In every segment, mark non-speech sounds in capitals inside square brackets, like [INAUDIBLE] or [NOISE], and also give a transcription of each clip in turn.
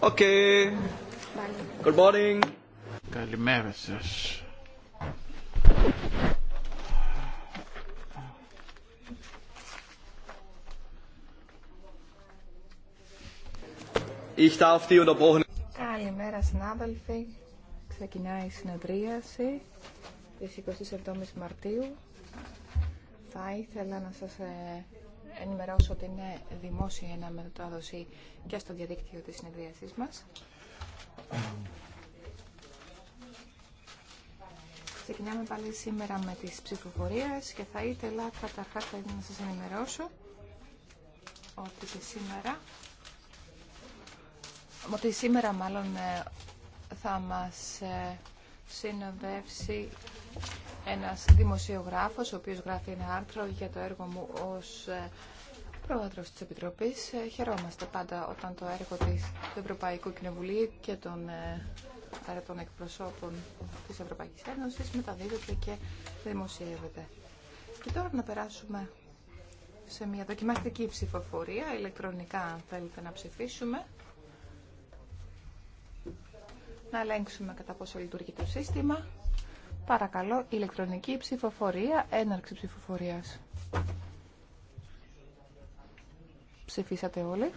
Okay. Good morning. Καλημέρα σας. Ich darf die Καλημέρα συνάδελφοι. Ξεκινάει η συνεδρίαση της 27 Μαρτίου. Θα ήθελα να σας ε, ενημερώσω ότι είναι δημόσια η μετάδοση και στο διαδίκτυο της συνεδρίασής μας. Ξεκινάμε πάλι σήμερα με τις ψηφοφορίες και θα ήθελα καταρχά να σας ενημερώσω ότι και σήμερα ότι σήμερα μάλλον ε, θα μας ε, συνοδεύσει ένας δημοσιογράφος ο οποίος γράφει ένα άρθρο για το έργο μου ως ε, Πρόεδρος της Επιτροπής, ε, χαιρόμαστε πάντα όταν το έργο της, του Ευρωπαϊκού Κοινοβουλίου και των, ε, των εκπροσώπων της Ευρωπαϊκής Ένωσης μεταδίδεται και δημοσιεύεται. Και τώρα να περάσουμε σε μια δοκιμαστική ψηφοφορία, ηλεκτρονικά αν θέλετε να ψηφίσουμε. Να ελέγξουμε κατά πόσο λειτουργεί το σύστημα. Παρακαλώ, ηλεκτρονική ψηφοφορία, έναρξη ψηφοφορίας. Ψηφίσατε όλοι.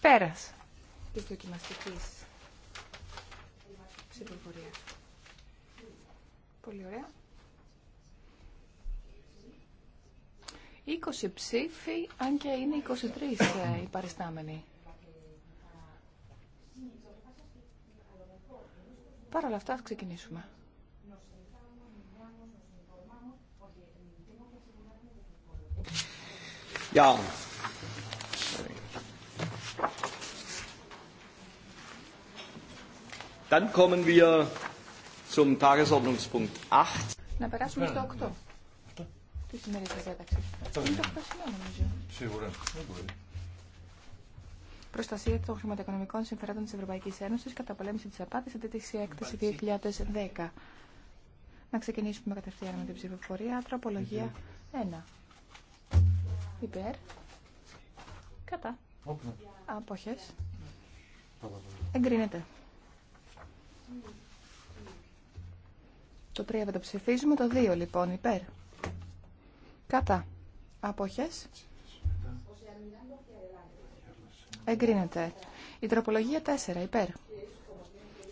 Πέρας τη δοκιμαστικής ψηφοφορίας. Πολύ ωραία. 20 ψήφοι, αν και είναι 23 ε, οι παριστάμενοι. Παρ' όλα αυτά, ας ξεκινήσουμε. Ja. Dann kommen wir zum Tagesordnungspunkt 8. Να περάσουμε στο 8. Προστασία των χρηματοοικονομικών συμφερόντων τη Ευρωπαϊκή Ένωση κατά πολέμηση τη απάτη, αντίτηση έκθεση 2010. Να ξεκινήσουμε κατευθείαν με την ψηφοφορία. Τροπολογία 1. Υπέρ. Κατά. Αποχές. Εγκρίνεται. Το 3 το ψηφίζουμε, το 2 λοιπόν, υπέρ. Κατά. Αποχές. Εγκρίνεται. Η τροπολογία 4, υπέρ.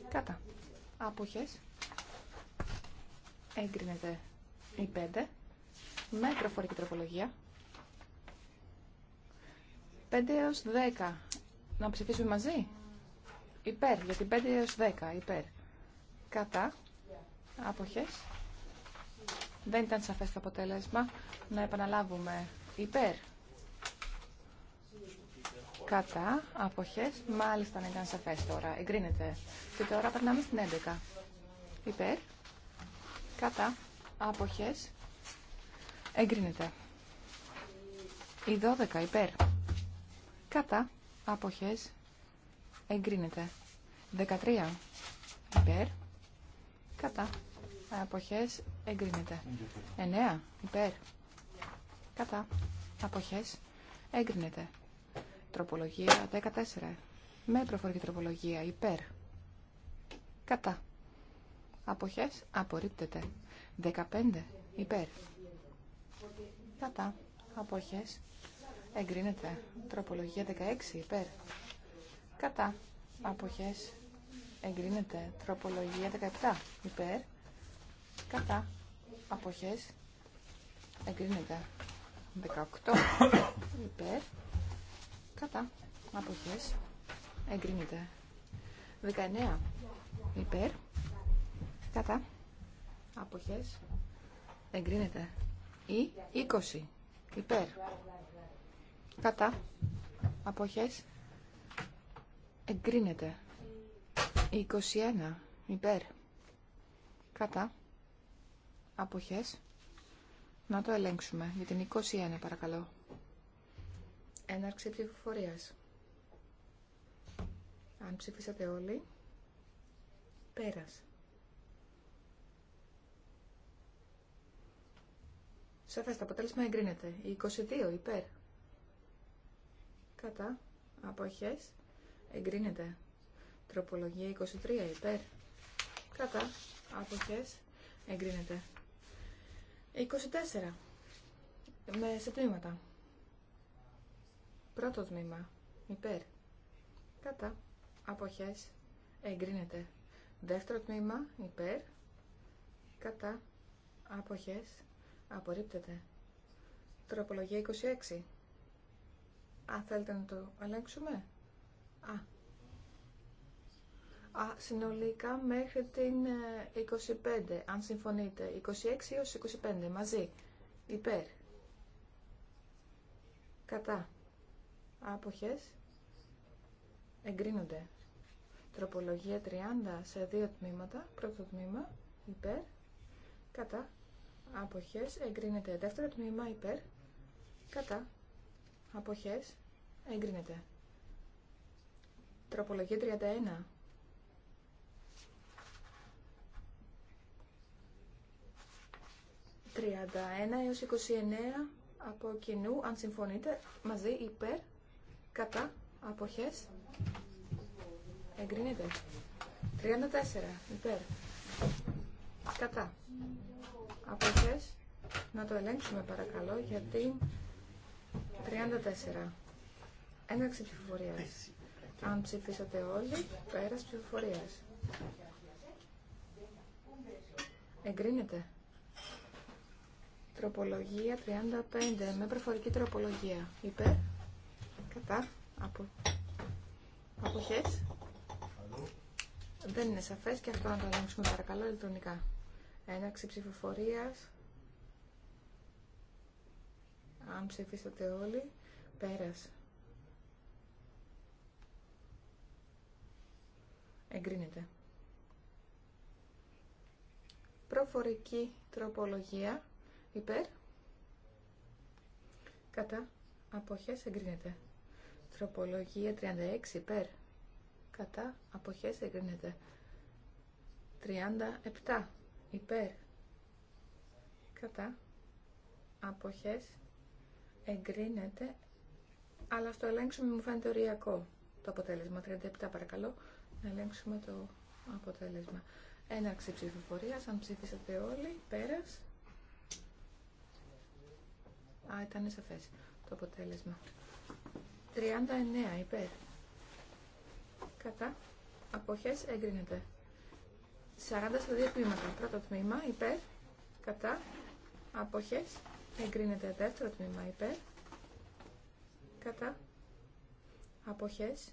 Κατά. Αποχές. Εγκρίνεται η 5. Με προφορική τροπολογία. 5 έως 10. Να ψηφίσουμε μαζί. Υπέρ, γιατί 5 έως 10. Υπέρ. Κατά. Αποχές. Δεν ήταν σαφέ το αποτέλεσμα. Να επαναλάβουμε. Υπέρ. Κατά. Αποχές. Μάλιστα να ήταν σαφέ τώρα. Εγκρίνεται. Και τώρα περνάμε στην 11. Υπέρ. Κατά. Αποχές. Εγκρίνεται. Η 12. Υπέρ. Κατά. Αποχές. Εγκρίνεται. 13. Υπέρ. Κατά. Αποχές. Εγκρίνεται. 9. Υπέρ. Κατά. Αποχές. Εγκρίνεται. Τροπολογία 14. Με προφορική τροπολογία. Υπέρ. Κατά. Αποχές. Απορρίπτεται. 15. Υπέρ. Κατά. Αποχές. Εγκρίνεται. Τροπολογία 16 υπέρ. Κατά. Αποχές. Εγκρίνεται. Τροπολογία 17 υπέρ. Κατά. Αποχές. Εγκρίνεται. 18 υπέρ. Κατά. Αποχές. Εγκρίνεται. 19 υπέρ. Κατά. Αποχές. Εγκρίνεται. Ή 20 υπέρ. Κατά. Αποχές. Εγκρίνεται. 21. Υπέρ. Κατά. Αποχές. Να το ελέγξουμε για την 21 παρακαλώ. Έναρξη ψηφοφορίας. Αν ψηφίσατε όλοι. Πέρας. Σαφές, το αποτέλεσμα εγκρίνεται. 22 υπέρ κατά αποχές εγκρίνεται. Τροπολογία 23 υπέρ κατά αποχές εγκρίνεται. 24 με σε τμήματα. Πρώτο τμήμα υπέρ κατά αποχές εγκρίνεται. Δεύτερο τμήμα υπέρ κατά αποχές απορρίπτεται. Τροπολογία 26 Α, θέλετε να το αλλάξουμε. Α. Α, συνολικά μέχρι την 25, ε, αν συμφωνείτε. 26 έως 25, μαζί. Υπέρ. Κατά. Άποχες. Εγκρίνονται. Τροπολογία 30 σε δύο τμήματα. Πρώτο τμήμα, υπέρ. Κατά. Άποχες. Εγκρίνεται. Δεύτερο τμήμα, υπέρ. Κατά αποχές, εγκρίνεται. Τροπολογία 31. 31 έως 29 από κοινού, αν συμφωνείτε, μαζί υπέρ, κατά, αποχές, εγκρίνεται. 34, υπέρ, κατά, αποχές, να το ελέγξουμε παρακαλώ, γιατί 34. Έναρξη ψηφοφορία. Αν ψηφίσατε όλοι, πέρα ψηφοφορία. Εγκρίνεται. Τροπολογία 35 με προφορική τροπολογία. Υπέρ. Κατά. Από. Αποχές. Δεν είναι σαφές και αυτό να το ελέγξουμε παρακαλώ ηλεκτρονικά. Έναξη ψηφοφορίας. Αν ψηφίσατε όλοι, πέρας. Εγκρίνεται. Προφορική τροπολογία υπέρ. Κατά. Αποχές εγκρίνεται. Τροπολογία 36 υπέρ. Κατά. Αποχές εγκρίνεται. 37 υπέρ. Κατά. Αποχές εγκρίνεται, αλλά στο ελέγξουμε μου φαίνεται οριακό το αποτέλεσμα. 37 παρακαλώ, να ελέγξουμε το αποτέλεσμα. Έναρξη ψηφοφορία, αν ψήφισατε όλοι, πέρα. Α, ήταν σαφέ το αποτέλεσμα. 39 υπέρ. Κατά. Αποχές εγκρίνεται. 40 στα δύο τμήματα. Πρώτο τμήμα υπέρ. Κατά. Αποχές Εγκρίνεται δεύτερο τμήμα υπέρ. Κατά. Αποχές.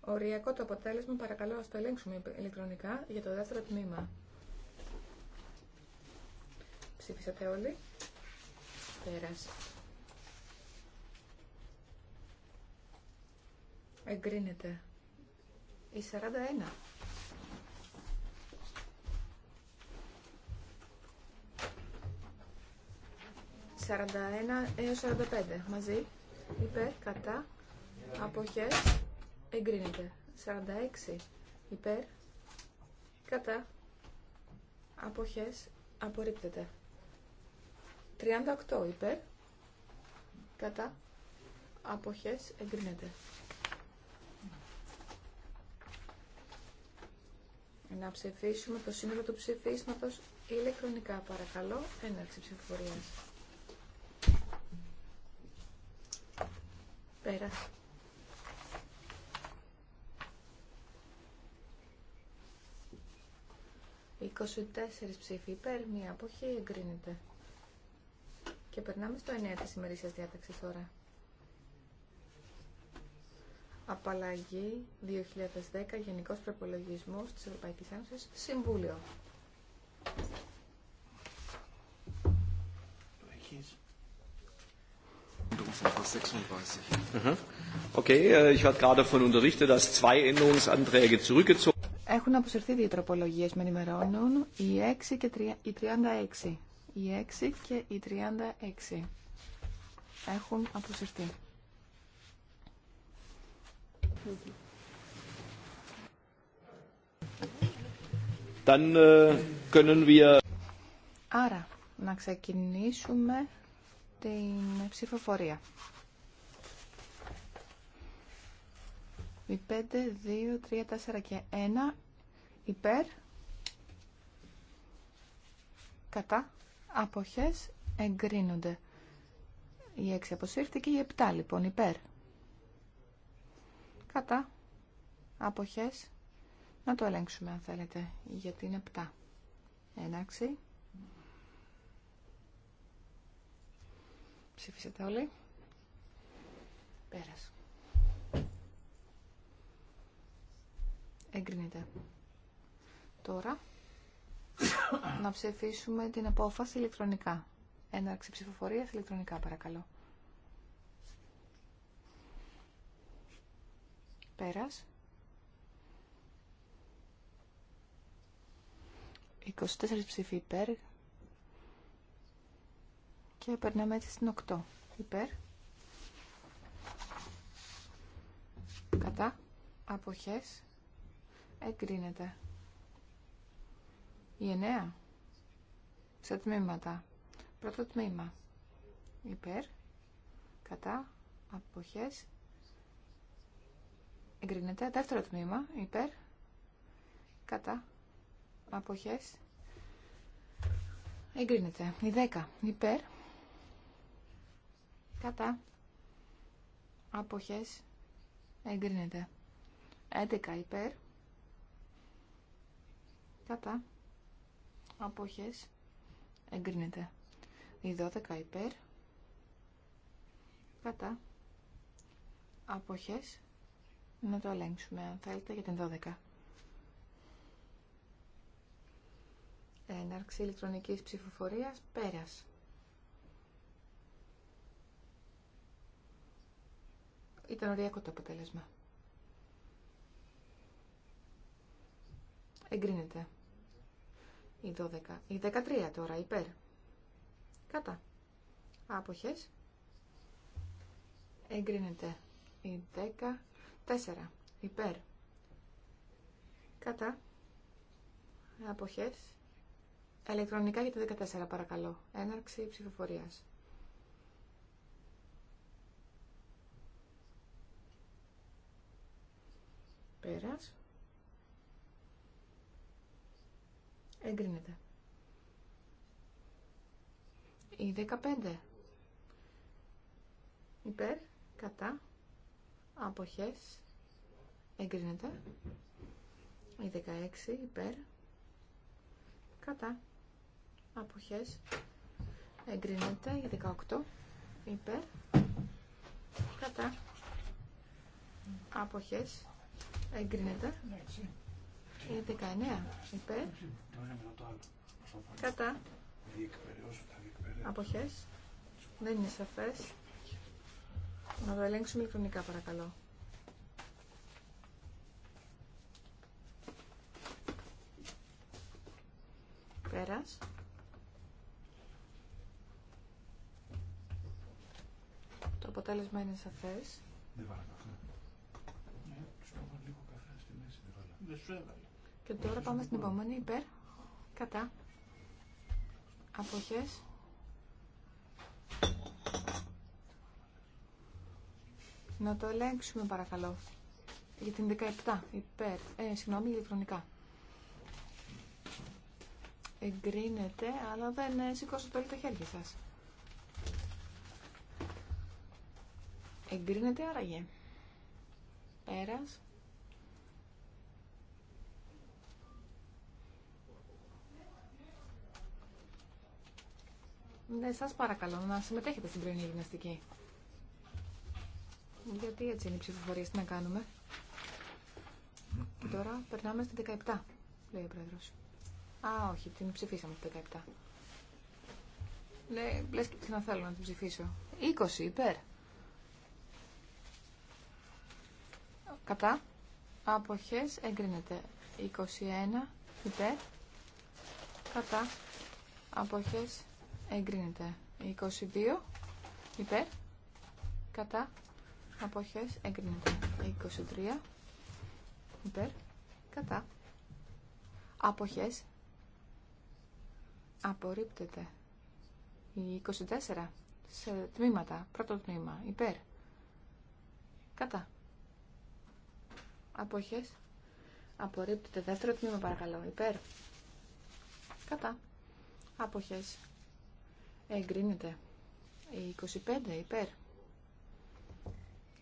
Οριακό το αποτέλεσμα, παρακαλώ ας το ελέγξουμε ηλεκτρονικά για το δεύτερο τμήμα. Ψήφισατε όλοι. Πέρασε. Εγκρίνεται. Η 41. 41 έως 45 μαζί υπέρ κατά αποχές εγκρίνεται 46 υπέρ κατά αποχές απορρίπτεται 38 υπέρ κατά αποχές εγκρίνεται Να ψηφίσουμε το σύνολο του ψηφίσματος ηλεκτρονικά παρακαλώ έναρξη ψηφοφορίας. Πέρας. Είκοσι ψήφοι υπέρ, μία αποχή εγκρίνεται. Και περνάμε στο 9 της ημερήσιας διάταξης τώρα. Απαλλαγή 2010 Γενικός Προπολογισμός της Ευρωπαϊκής Ένωσης Συμβούλιο. Έχεις. Okay, ich hatte gerade von unterrichtet, dass zwei Änderungsanträge zurückgezogen Έχουν αποσυρθεί δύο τροπολογίες με ενημερώνουν, η 6 και η 36. Η 6 και η 36 έχουν αποσυρθεί. Dann können wir... Άρα, να ξεκινήσουμε την ψηφοφορία. Οι 5, 2, 3, 4 και 1 υπέρ, κατά, αποχές, εγκρίνονται. Η 6 αποσύρθηκε, η 7 λοιπόν υπέρ. Κατά, αποχές, να το ελέγξουμε αν θέλετε γιατί είναι 7. Έναξη. Ψηφίσατε όλοι. Πέρασε. Εγκρίνεται. Τώρα να ψηφίσουμε την απόφαση ηλεκτρονικά. Έναρξη ψηφοφορία ηλεκτρονικά παρακαλώ. Πέρας. 24 ψήφοι υπέρ, και περνάμε έτσι στην 8. Υπέρ. Κατά. Αποχές. Εγκρίνεται. Η 9. Σε τμήματα. Πρώτο τμήμα. Υπέρ. Κατά. Αποχές. Εγκρίνεται. Δεύτερο τμήμα. Υπέρ. Κατά. Αποχές. Εγκρίνεται. Η 10. Υπέρ κατά αποχές εγκρίνεται 11 υπέρ κατά αποχές εγκρίνεται η 12 υπέρ κατά αποχές να το ελέγξουμε αν θέλετε για την 12 έναρξη ηλεκτρονικής ψηφοφορίας πέρας Ήταν ωριακό το αποτέλεσμα. Εγκρίνεται. Η 12. Η 13 τώρα, υπέρ. Κατά. Άποχες. Εγκρίνεται. Η 14. Υπέρ. Κατά. Αποχές. Ελεκτρονικά για το 14 παρακαλώ. Έναρξη ψηφοφορίας. Πέρας. Εγκρίνεται. Η 15. Υπέρ, κατά, αποχές, εγκρίνεται. Η 16 υπέρ, κατά, αποχές, εγκρίνεται. Η 18 υπέρ, κατά, αποχές, Εγκρίνεται. 19 υπέρ. Κατά. Αποχές. Δεν είναι σαφές. Να το ελέγξουμε ηλεκτρονικά παρακαλώ. Πέρας. Το αποτέλεσμα είναι σαφές. Δεν παρακαλώ. Και τώρα πάμε στην επόμενη υπέρ, κατά, αποχές. Να το ελέγξουμε παρακαλώ. Για την 17 υπέρ, ε, συγγνώμη, ηλεκτρονικά. Εγκρίνεται, αλλά δεν ε, σηκώσατε όλοι τα χέρια σας. Εγκρίνεται άραγε. Πέρας. Ναι, σας παρακαλώ να συμμετέχετε στην πρωινή γυμναστική. Γιατί έτσι είναι οι ψηφοφορίες, τι να κάνουμε. Και τώρα περνάμε στην 17, λέει ο πρόεδρος. Α, όχι, την ψηφίσαμε την 17. Ναι, λες και να θέλω να την ψηφίσω. 20, υπέρ. Κατά. Αποχές, εγκρίνεται. 21, υπέρ. Κατά. Αποχές, εγκρίνεται. 22 υπέρ, κατά, αποχές, εγκρίνεται. 23 υπέρ, κατά, αποχές, απορρίπτεται. 24 σε τμήματα, πρώτο τμήμα, υπέρ, κατά, αποχές, απορρίπτεται. Δεύτερο τμήμα παρακαλώ, υπέρ, κατά, αποχές, Εγκρίνεται. 25 υπέρ.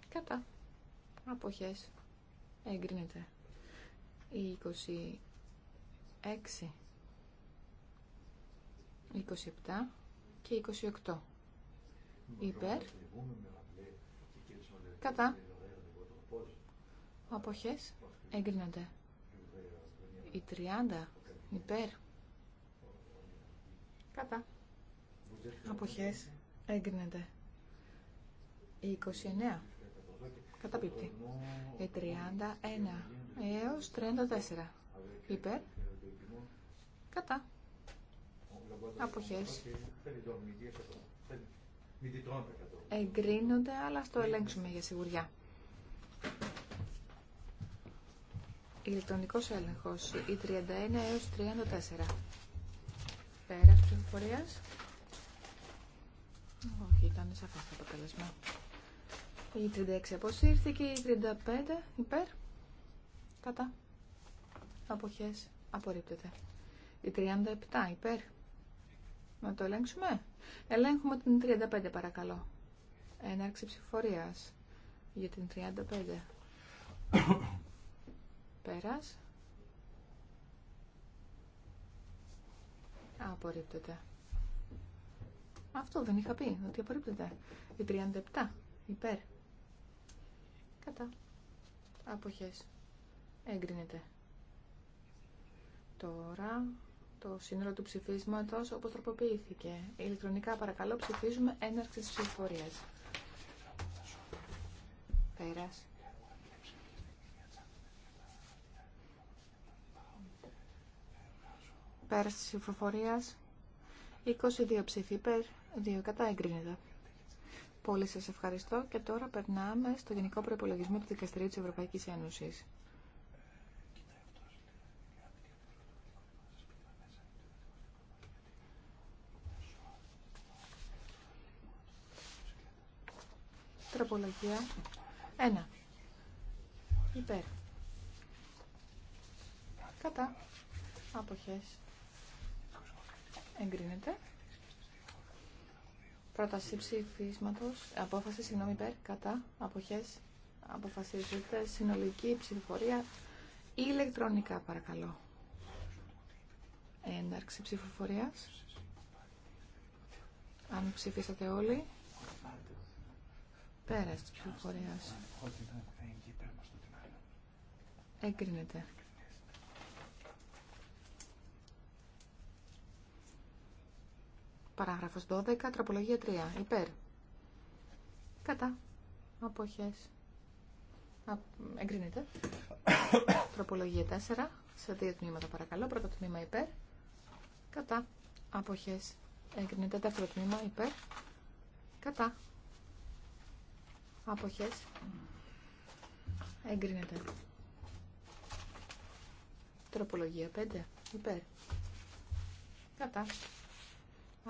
Κατά. Αποχές. Εγκρίνεται. 26. 27 και 28. Υπέρ. Κατά. Αποχές. Έγκρινονται. Η 30. Υπέρ. Κατά. Αποχές έγκρινεται. Η 29 καταπίπτει. Η 31 έως 34 υπέρ κατά αποχές εγκρίνονται αλλά στο ελέγξουμε για σιγουριά. Ηλεκτρονικός έλεγχος η 31 έως 34 πέρας ψηφοφορίας όχι, ήταν σαφές το αποτέλεσμα. Η 36 αποσύρθηκε, η 35 υπέρ, κατά, αποχές, απορρίπτεται. Η 37 υπέρ, να το ελέγξουμε. Ελέγχουμε την 35 παρακαλώ. Έναρξη ψηφορία για την 35. Πέρας. Απορρίπτεται. Αυτό δεν είχα πει, ότι απορρίπτεται. Η 37 υπέρ. Κατά. Αποχές. Έγκρινεται. Τώρα το σύνολο του ψηφίσματος όπως τροποποιήθηκε. Ηλεκτρονικά παρακαλώ ψηφίζουμε έναρξη της ψηφοφορίας. Πέρας. Πέρας της ψηφοφορίας. 22 ψήφοι υπέρ, 2 κατά εγκρίνεται. Πολύ σας ευχαριστώ και τώρα περνάμε στο Γενικό Προϋπολογισμό του Δικαστηρίου τη Ευρωπαϊκής Ένωση. Τροπολογία 1. Υπέρ. Κατά. Αποχές εγκρίνεται. Πρόταση ψηφίσματο. απόφαση, συγγνώμη, υπέρ, κατά, αποχές, αποφασίζεται, συνολική ψηφοφορία, ηλεκτρονικά παρακαλώ. Έναρξη ψηφοφορία. Αν ψηφίσατε όλοι. Πέρα τη ψηφοφορία. Εγκρίνεται. παράγραφος 12, τροπολογία 3, υπέρ. Κατά. Αποχές. εγκρίνεται. [COUGHS] τροπολογία 4, σε δύο τμήματα παρακαλώ. Πρώτο τμήμα υπέρ. Κατά. Αποχές. Εγκρίνεται. Δεύτερο τμήμα υπέρ. Κατά. Αποχές. Εγκρίνεται. Τροπολογία 5. Υπέρ. Κατά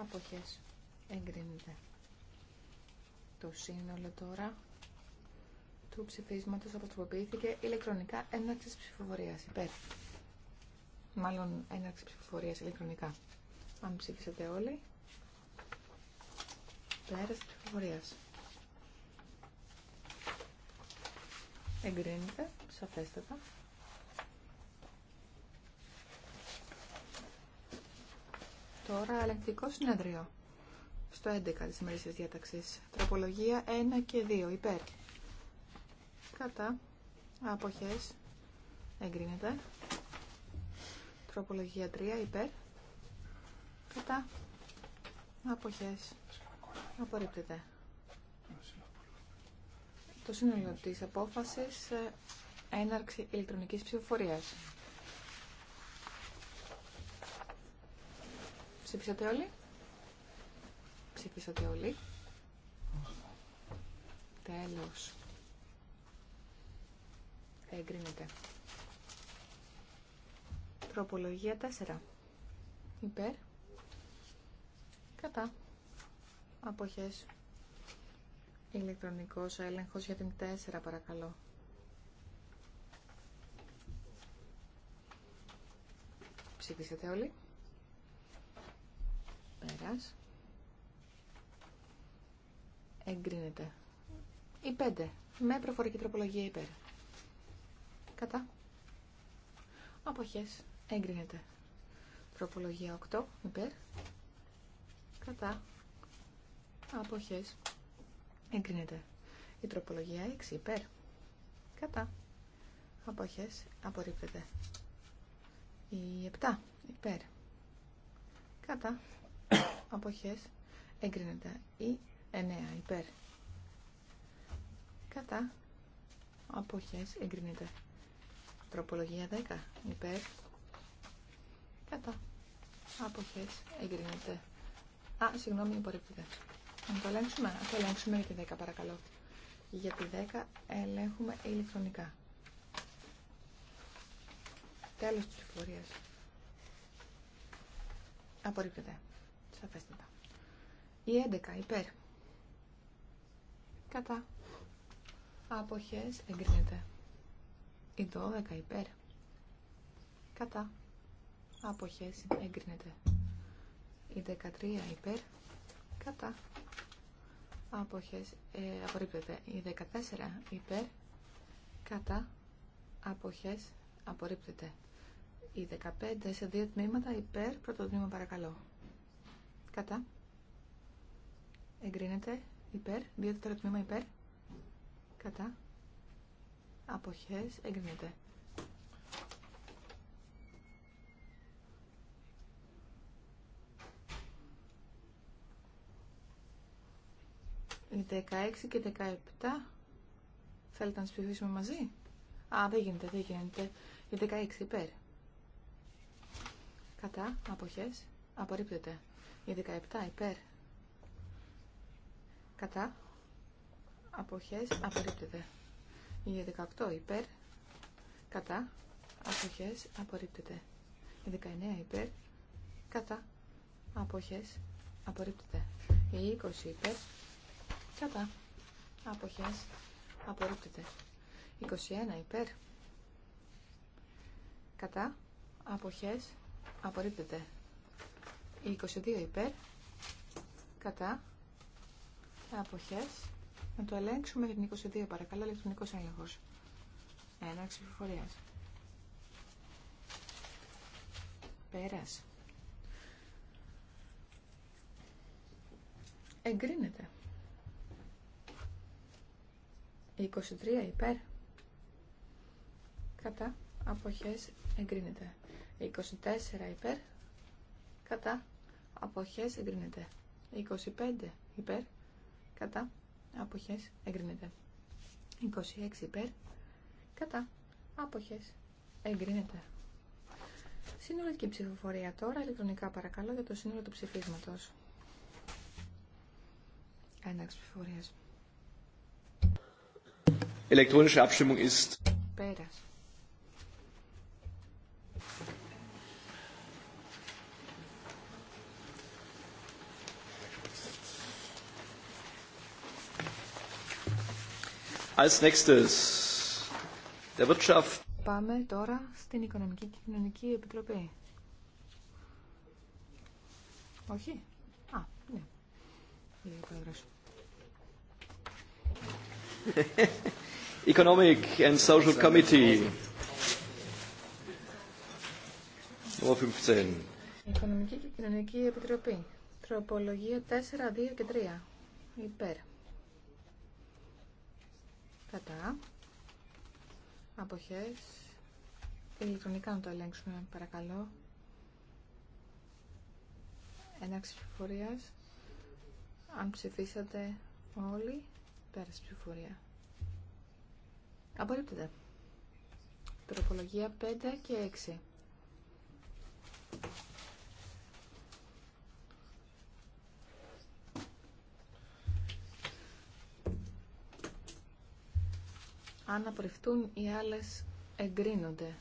αποχές εγκρίνεται. Το σύνολο τώρα του ψηφίσματος αποτροποποιήθηκε ηλεκτρονικά έναρξη ψηφοφορίας υπέρ. Μάλλον έναρξη ψηφοφορίας ηλεκτρονικά. Αν ψήφισατε όλοι, πέρας ψηφοφορίας. Εγκρίνεται, σαφέστατα. τώρα αλεκτικό συνέδριο. Στο 11 της ημερήσιας διάταξης. Τροπολογία 1 και 2. Υπέρ. Κατά. Αποχές. Εγκρίνεται. Τροπολογία 3. Υπέρ. Κατά. Αποχές. Απορρίπτεται. Το σύνολο της απόφασης ε, έναρξη ηλεκτρονικής ψηφοφορίας. Ψηφίσατε όλοι. Ψηφίσατε όλοι. Τέλος. Εγκρίνεται. Τροπολογία 4. Υπέρ. Κατά. Αποχές. Ηλεκτρονικός έλεγχος για την 4 παρακαλώ. Ψηφίσατε όλοι. Πέρας. Εγκρίνεται. Η 5. Με προφορική τροπολογία υπέρ. Κατά. Αποχές. Εγκρίνεται. Τροπολογία 8. Υπέρ. Κατά. Αποχές. Εγκρίνεται. Η τροπολογία 6. Υπέρ. Κατά. Αποχές. Απορρίπτεται. Η 7. Υπέρ. Κατά αποχές εγκρίνεται ή 9 υπέρ κατά αποχές εγκρίνεται τροπολογία 10 υπέρ κατά αποχές εγκρίνεται α, συγγνώμη, υπορρίπτεται να το ελέγξουμε, να το ελέγξουμε για τη 10 παρακαλώ για τη 10 ελέγχουμε ηλεκτρονικά τέλος της ψηφοφορίας απορρίπτεται η 11 υπέρ. Κατά. Αποχές εγκρίνεται. Η 12 υπέρ. Κατά. Αποχές εγκρίνεται. Η 13 υπέρ. Κατά. Αποχές ε, απορρίπτεται. Η 14 υπέρ. Κατά. Αποχές απορρίπτεται. Η 15 σε δύο τμήματα υπέρ. Πρώτο τμήμα παρακαλώ. Κατά. Εγκρίνεται. Υπέρ. δύο τμήμα υπέρ. Κατά. Αποχές. Εγκρίνεται. Οι 16 και 17 θέλετε να τις ψηφίσουμε μαζί. Α, δεν γίνεται, δεν γίνεται. Οι 16 υπέρ. Κατά, αποχές, απορρίπτεται. Η 17 υπέρ. Κατά. Αποχές απορρίπτεται. Η 18 υπέρ. Κατά. Αποχές απορρίπτεται. Η 19 υπέρ. Κατά. Αποχές απορρίπτεται. Η 20 υπέρ. Κατά. Αποχές απορρίπτεται. 21 υπέρ. Κατά. Αποχές απορρίπτεται. 22 υπέρ. Κατά. Αποχές. Να το ελέγξουμε για την 22 παρακαλώ. Ηλεκτρονικός έλεγχος. ένα ψηφοφορίας. Πέρας. Εγκρίνεται. 23 υπέρ. Κατά. Αποχές εγκρίνεται. 24 υπέρ. Κατά αποχές εγκρίνεται. 25 υπέρ, κατά, αποχές εγκρίνεται. 26 υπέρ, κατά, αποχές εγκρίνεται. Συνολική ψηφοφορία τώρα, Ελεκτρονικά παρακαλώ, για το σύνολο του ψηφίσματος. Ένταξη ψηφοφορίας. Ηλεκτρονική Πάμε τώρα στην Οικονομική και Κοινωνική Επιτροπή. Όχι. Α, ναι. Λέει ο Πρόεδρος. [LAUGHS] Οικονομική και Κοινωνική Επιτροπή. Τροπολογία 4, 2 και 3. Υπέρ κατά αποχές ηλεκτρονικά να το ελέγξουμε παρακαλώ έναξη ψηφοφορία. αν ψηφίσατε όλοι πέραση ψηφοφορία απορρίπτεται τροπολογία 5 και 6 Αν απορριφθούν οι άλλες εγκρίνονται.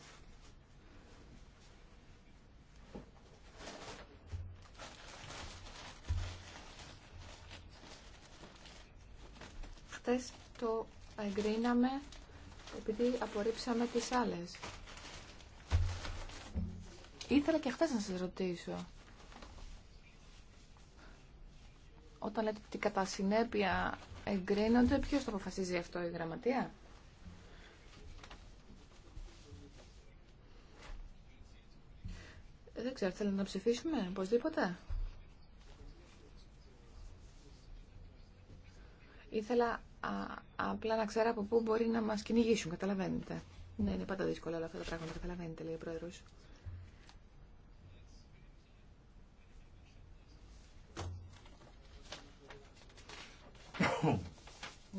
Χθες το εγκρίναμε επειδή απορρίψαμε τις άλλες. Ήθελα και χθες να σας ρωτήσω. Όταν λέτε ότι κατά συνέπεια εγκρίνονται, ποιος το αποφασίζει αυτό η γραμματεία? ξέρω, θέλετε να ψηφίσουμε, οπωσδήποτε. Ήθελα α, απλά να ξέρω από πού μπορεί να μας κυνηγήσουν, καταλαβαίνετε. Ναι, είναι πάντα δύσκολα όλα αυτά τα πράγματα, καταλαβαίνετε, λέει ο Πρόεδρος.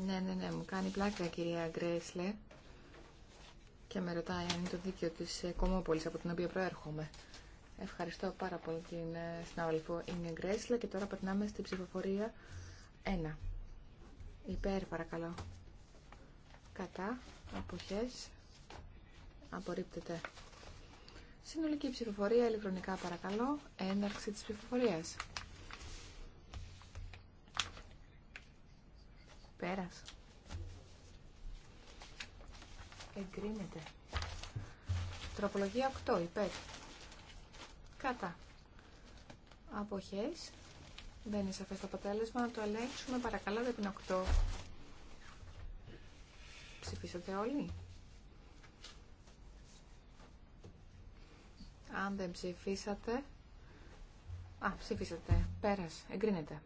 ναι, ναι, ναι, μου κάνει πλάκα η κυρία Γκρέσλε και με ρωτάει αν είναι το δίκαιο της ε, Κομόπολης από την οποία προέρχομαι. Ευχαριστώ πάρα πολύ την ε, συνάδελφο Ινια Γκρέσλα και τώρα περνάμε στην ψηφοφορία 1. Υπέρ παρακαλώ. Κατά. Αποχές. Απορρίπτεται. Συνολική ψηφοφορία ηλεκτρονικά παρακαλώ. Έναρξη της ψηφοφορίας. Πέρας. Εγκρίνεται. Τροπολογία 8. Υπέρ. Κατά. Αποχές. Δεν είναι σαφές το αποτέλεσμα. Να το ελέγξουμε παρακαλώ δεν την 8. Ψηφίσατε όλοι. Αν δεν ψηφίσατε... Α, ψηφίσατε. Πέρας. Εγκρίνεται.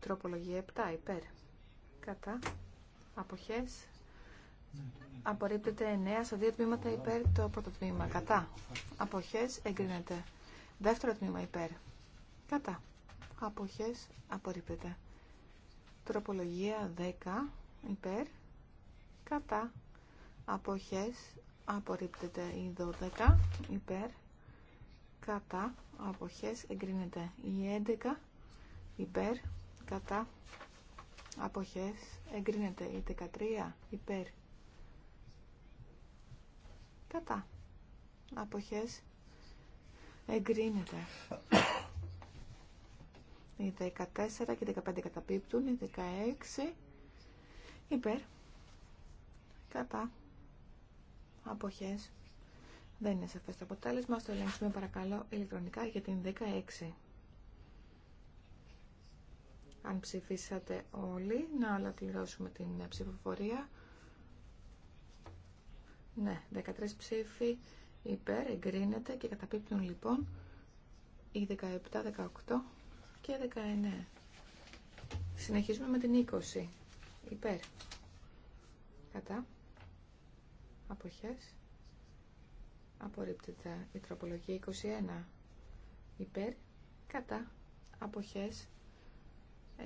Τροπολογία 7. Υπέρ. Κατά. Αποχές. Απορρίπτεται 9 σε δύο τμήματα υπέρ το πρώτο τμήμα. Κατά. Αποχές εγκρίνεται. Δεύτερο τμήμα υπέρ. Κατά. Αποχές απορρίπτεται. Τροπολογία 10 υπέρ. Κατά. Αποχές απορρίπτεται η 12 υπέρ. Κατά. Αποχές εγκρίνεται η 11 υπέρ. Κατά. Αποχές εγκρίνεται η 13 υπέρ. Κατά. Αποχές εγκρίνεται. Οι 14 και 15 καταπίπτουν, οι 16 υπέρ, κατά, αποχές. Δεν είναι σαφές το αποτέλεσμα, ας το ελέγξουμε παρακαλώ ηλεκτρονικά για την 16. Αν ψηφίσατε όλοι, να ολοκληρώσουμε την ψηφοφορία. Ναι, 13 ψήφοι υπέρ, εγκρίνεται και καταπίπτουν λοιπόν οι 17, 18 και 19. Συνεχίζουμε με την 20. Υπέρ. Κατά. Αποχές. Απορρίπτεται η τροπολογία 21. Υπέρ. Κατά. Αποχές.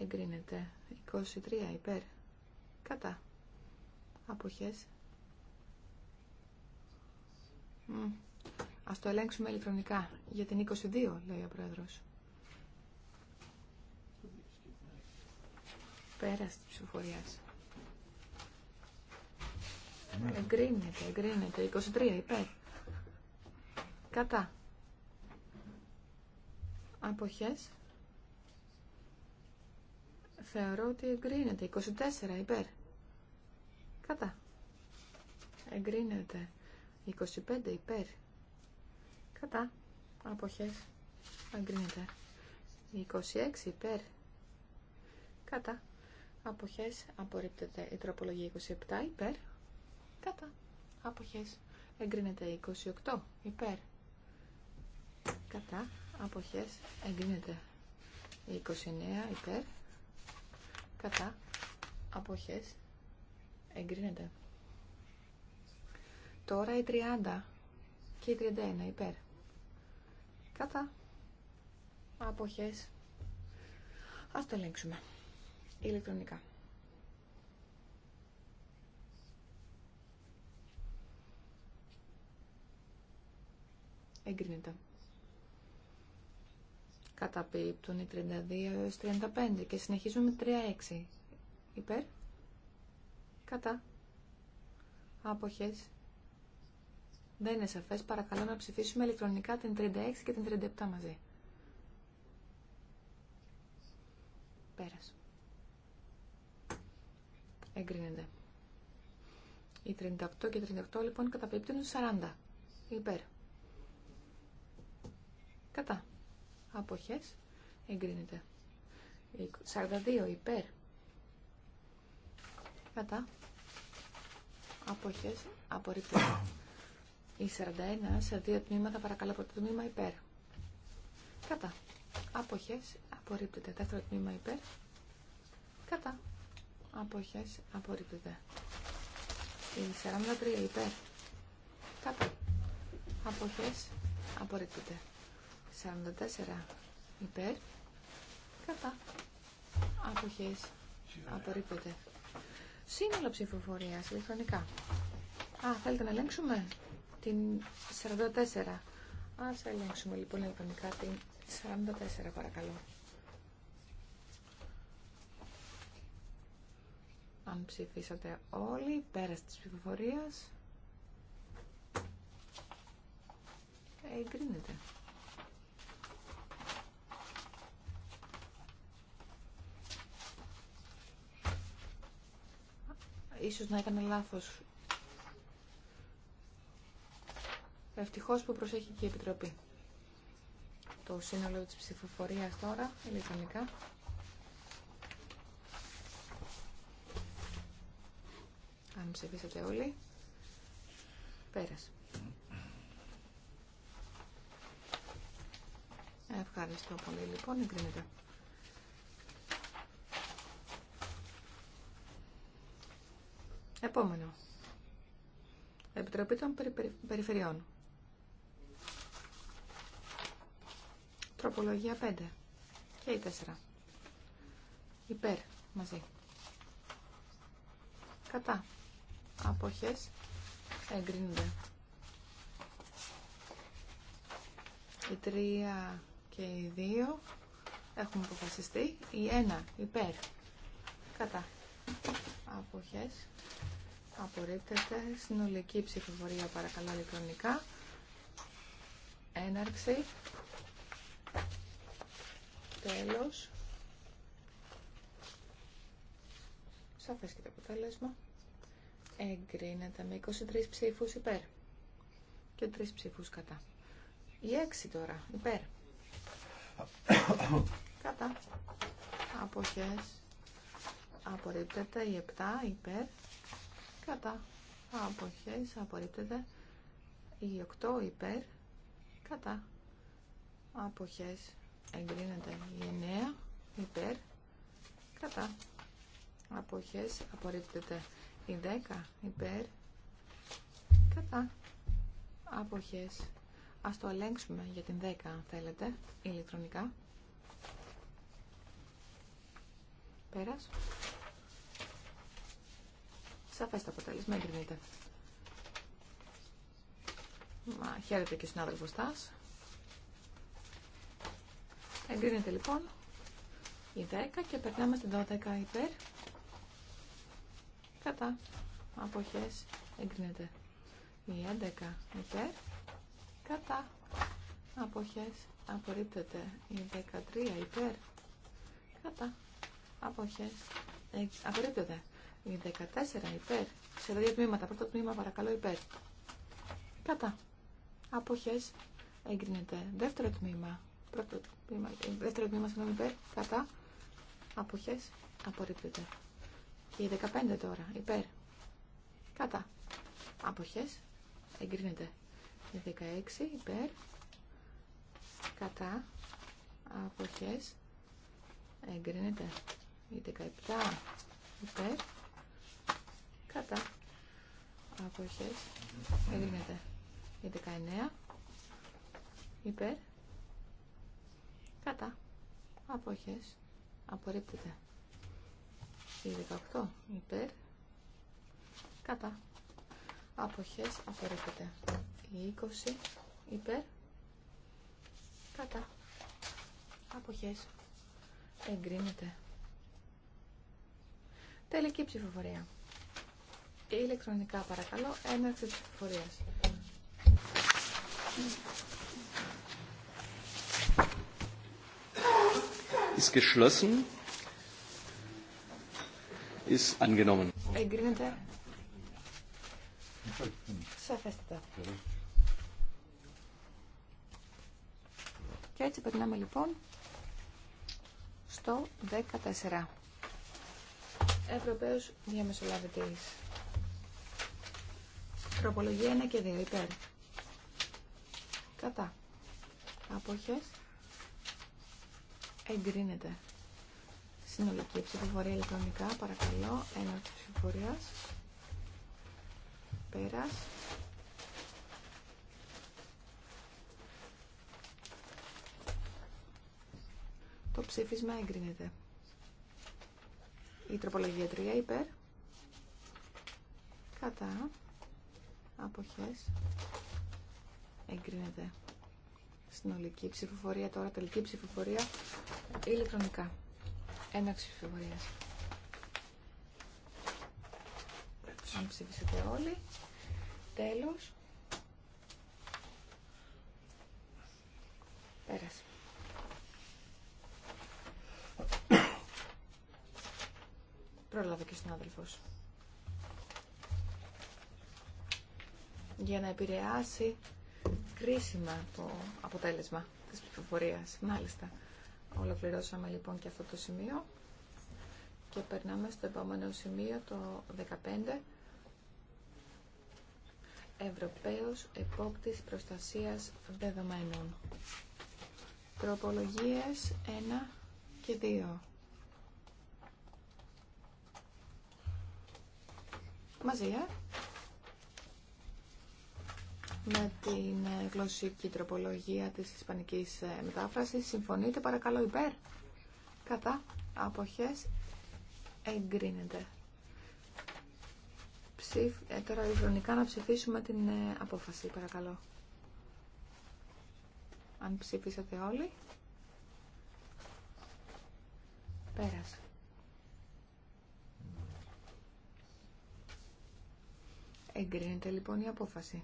Εγκρίνεται. 23. Υπέρ. Κατά. Αποχές. Ας το ελέγξουμε ηλεκτρονικά. Για την 22, λέει ο Πρόεδρος. Πέρας της ψηφοφορίας. Ναι. Εγκρίνεται, εγκρίνεται. 23, υπέρ. Κατά. Αποχές. Θεωρώ ότι εγκρίνεται. 24, υπέρ. Κατά. Εγκρίνεται. 25 υπέρ. Κατά. Αποχές. Αγκρίνεται. 26 υπέρ. Κατά. Αποχές. Απορρίπτεται η τροπολογία 27 υπέρ. Κατά. Αποχές. Εγκρίνεται 28 υπέρ. Κατά. Αποχές. Εγκρίνεται 29 υπέρ. Κατά. Αποχές. Εγκρίνεται. Τώρα η 30 και η 31 υπέρ. Κατά. Αποχές. Ας το ελέγξουμε. Ηλεκτρονικά. Εγκρίνεται. Καταπίπτουν οι 32 έως 35 και συνεχίζουμε με 36. Υπέρ. Κατά. Αποχές. Δεν είναι σαφέ, Παρακαλώ να ψηφίσουμε ηλεκτρονικά την 36 και την 37 μαζί. Πέρασε. Εγκρίνεται. Η 38 και 38 λοιπόν καταπίπτουν 40. Υπέρ. Κατά. Αποχές. Εγκρίνεται. 42 υπέρ. Κατά. Αποχές. Απορρίπτεται. Η 41 σε δύο τμήματα παρακαλώ το τμήμα υπέρ. Κατά. Αποχές απορρίπτεται. Δεύτερο τμήμα υπέρ. Κατά. Αποχές απορρίπτεται. Η 43 υπέρ. Κατά. Αποχές απορρίπτεται. 44 υπέρ. Κατά. Αποχές απορρίπτεται. Σύνολο ψηφοφορία, ηλεκτρονικά. Α, θέλετε να ελέγξουμε την 44. Ας ελέγξουμε λοιπόν ηλεκτρονικά την 44 παρακαλώ. Αν ψηφίσατε όλοι, πέρα της ψηφοφορίας, εγκρίνεται. Ίσως να έκανε λάθος Ευτυχώ που προσέχει και η Επιτροπή. Το σύνολο της ψηφοφορία τώρα, ηλεκτρονικά. Αν ψηφίσατε όλοι. Πέρασε. Ευχαριστώ πολύ λοιπόν, εγκρίνεται. Επόμενο. Επιτροπή των Περιφερειών. Τροπολογία 5 και η 4. Υπέρ μαζί. Κατά. Αποχές εγκρίνονται. Η 3 και η 2 έχουν αποφασιστεί. Η 1 υπέρ. Κατά. Αποχές. Απορρίπτεται. Συνολική ψηφοφορία παρακαλώ ηλεκτρονικά. Έναρξη. Τέλος. Σαφές και το αποτέλεσμα. Εγκρίνεται με 23 ψήφους υπέρ και 3 ψήφους κατά. Η 6 τώρα, υπέρ. κατά. Αποχές. Απορρίπτεται η 7 υπέρ. Κατά. Αποχές. Απορρίπτεται η 8 υπέρ. Κατά. Αποχές εγκρίνεται η 9 υπέρ κατά αποχές απορρίπτεται η 10 υπέρ κατά αποχές ας το ελέγξουμε για την 10 αν θέλετε ηλεκτρονικά πέρας σαφές το αποτέλεσμα εγκρίνεται Μα χαίρετε και ο συνάδελφος Στάς. Εγκρίνεται λοιπόν η 10 και περνάμε στην 12 υπέρ. Κατά. Αποχές. Εγκρίνεται. Η 11 υπέρ. Κατά. Αποχές. Απορρίπτεται. Η 13 υπέρ. Κατά. Αποχές. Απορρίπτεται. Η 14 υπέρ. Σε δύο τμήματα. Πρώτο τμήμα παρακαλώ υπέρ. Κατά. Αποχές. Εγκρίνεται. Δεύτερο τμήμα Πρώτο τμήμα, ε, δεύτερο τμήμα, συγγνώμη, υπέρ, κατά, αποχές, απορρίπτεται. Και η 15 τώρα, υπέρ, κατά, αποχές, εγκρίνεται. Η 16, υπέρ, κατά, αποχές, εγκρίνεται. Η 17, υπέρ, κατά, αποχές, εγκρίνεται. Η 19, υπέρ, Κατά. Αποχές. Απορρίπτεται. Η 18. Υπέρ. Κατά. Αποχές. Απορρίπτεται. Η 20. Υπέρ. Κατά. Αποχές. Εγκρίνεται. Τελική ψηφοφορία. Ηλεκτρονικά παρακαλώ, έναρξη ψηφοφορίας. ist geschlossen. Εγκρίνεται. Σαφέστατα. Και έτσι περνάμε λοιπόν στο 14. Ευρωπαίος διαμεσολαβητής. Τροπολογία 1 και 2 υπέρ. Κατά. Απόχες. Εγκρίνεται. Συνολική ψηφοφορία ηλεκτρονικά, παρακαλώ, έναρξη ψηφοφορίας. Πέρας. Το ψήφισμα εγκρίνεται. Η τροπολογία 3 υπέρ. Κατά. Αποχές. Εγκρίνεται ολική ψηφοφορία τώρα, τελική ψηφοφορία, ηλεκτρονικά. Ένα ψηφοφορία. Αν ψηφίσετε όλοι. Τέλος. Πέρασε. Πρόλαβε και ο συνάδελφος. Για να επηρεάσει κρίσιμα το αποτέλεσμα της πληροφορίας. Μάλιστα. Ολοκληρώσαμε λοιπόν και αυτό το σημείο και περνάμε στο επόμενο σημείο, το 15. Ευρωπαίος Επόπτης Προστασίας Δεδομένων. Τροπολογίες 1 και 2. Μαζί, ε? με την ε, γλωσσική τροπολογία της ισπανικής ε, μετάφρασης. Συμφωνείτε παρακαλώ υπέρ. Κατά αποχές εγκρίνεται. Ψήφ, ε, τώρα ηλεκτρονικά να ψηφίσουμε την απόφαση παρακαλώ. Αν ψήφισατε όλοι. Πέρασε. Εγκρίνεται λοιπόν η απόφαση.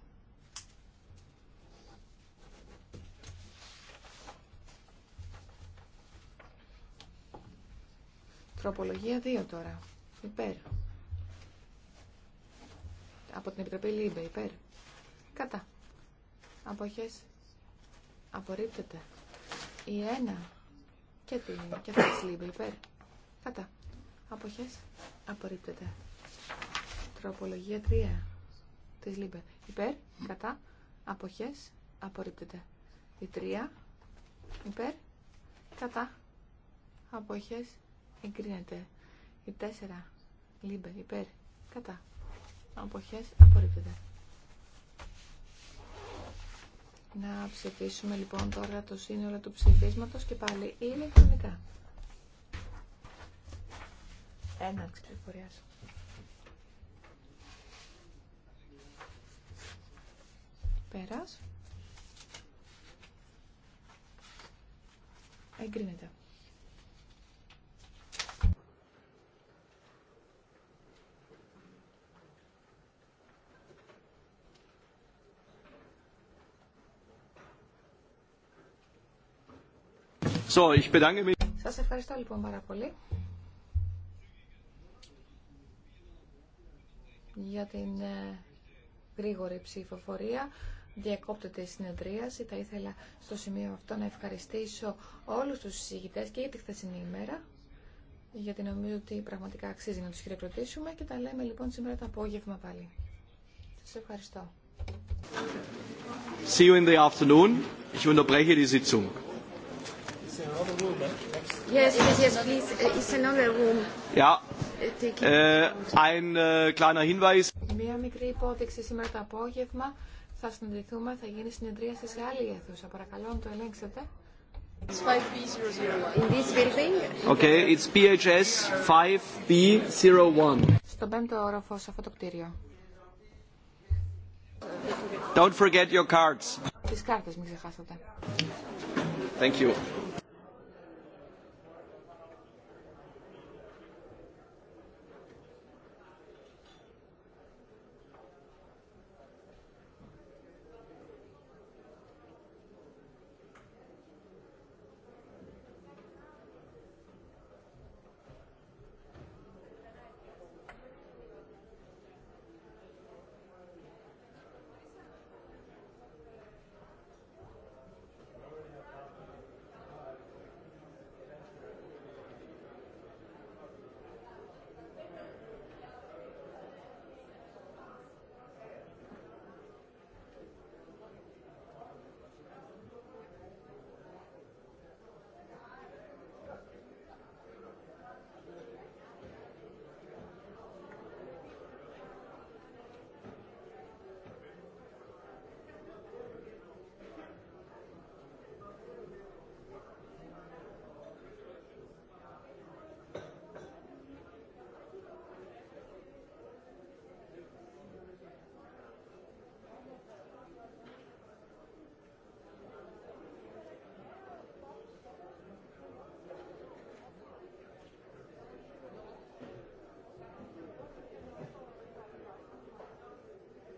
Τροπολογία 2 τώρα. Υπέρ. Από την Επιτροπή Λίμπε. Υπέρ. Κατά. Αποχές. Απορρίπτεται. Η 1 και, την, και αυτή της Λίμπε. Υπέρ. Κατά. Αποχές. Απορρίπτεται. Τροπολογία 3 της Λίμπε. Υπέρ. Κατά. Αποχές. Απορρίπτεται. Η 3. Υπέρ. Κατά. Αποχές εγκρίνεται. Η 4 λίμπε υπέρ κατά. Αποχές απορρίπτεται. Να ψηφίσουμε λοιπόν τώρα το σύνολο του ψηφίσματος και πάλι ηλεκτρονικά. Έναρξη πληροφορίας. Πέρας. Εγκρίνεται. So, Σας ευχαριστώ λοιπόν πάρα πολύ για την ε, γρήγορη ψηφοφορία. Διακόπτεται η συνεδρίαση. Θα ήθελα στο σημείο αυτό να ευχαριστήσω όλους τους συζητητές και για τη χθεσινή ημέρα γιατί νομίζω ότι πραγματικά αξίζει να τους χειροκροτήσουμε και τα λέμε λοιπόν σήμερα το απόγευμα πάλι. Σας ευχαριστώ. See you in the afternoon. Ich unterbreche die Sitzung. Eh? Yes, yes, yes, please. Uh, it's another room. Yeah. Uh, uh, ein äh, kleiner Hinweis. Μία μικρή υπόδειξη σήμερα το απόγευμα. Θα συναντηθούμε, θα γίνει συνεδρίαση σε άλλη αίθουσα. Παρακαλώ να το ελέγξετε. 5 5B00. In this building. Okay, it's PHS 5B01. Στον πέμπτο όροφο, σε αυτό το κτίριο. Don't forget your cards. Τις κάρτες μην ξεχάσετε. Thank you.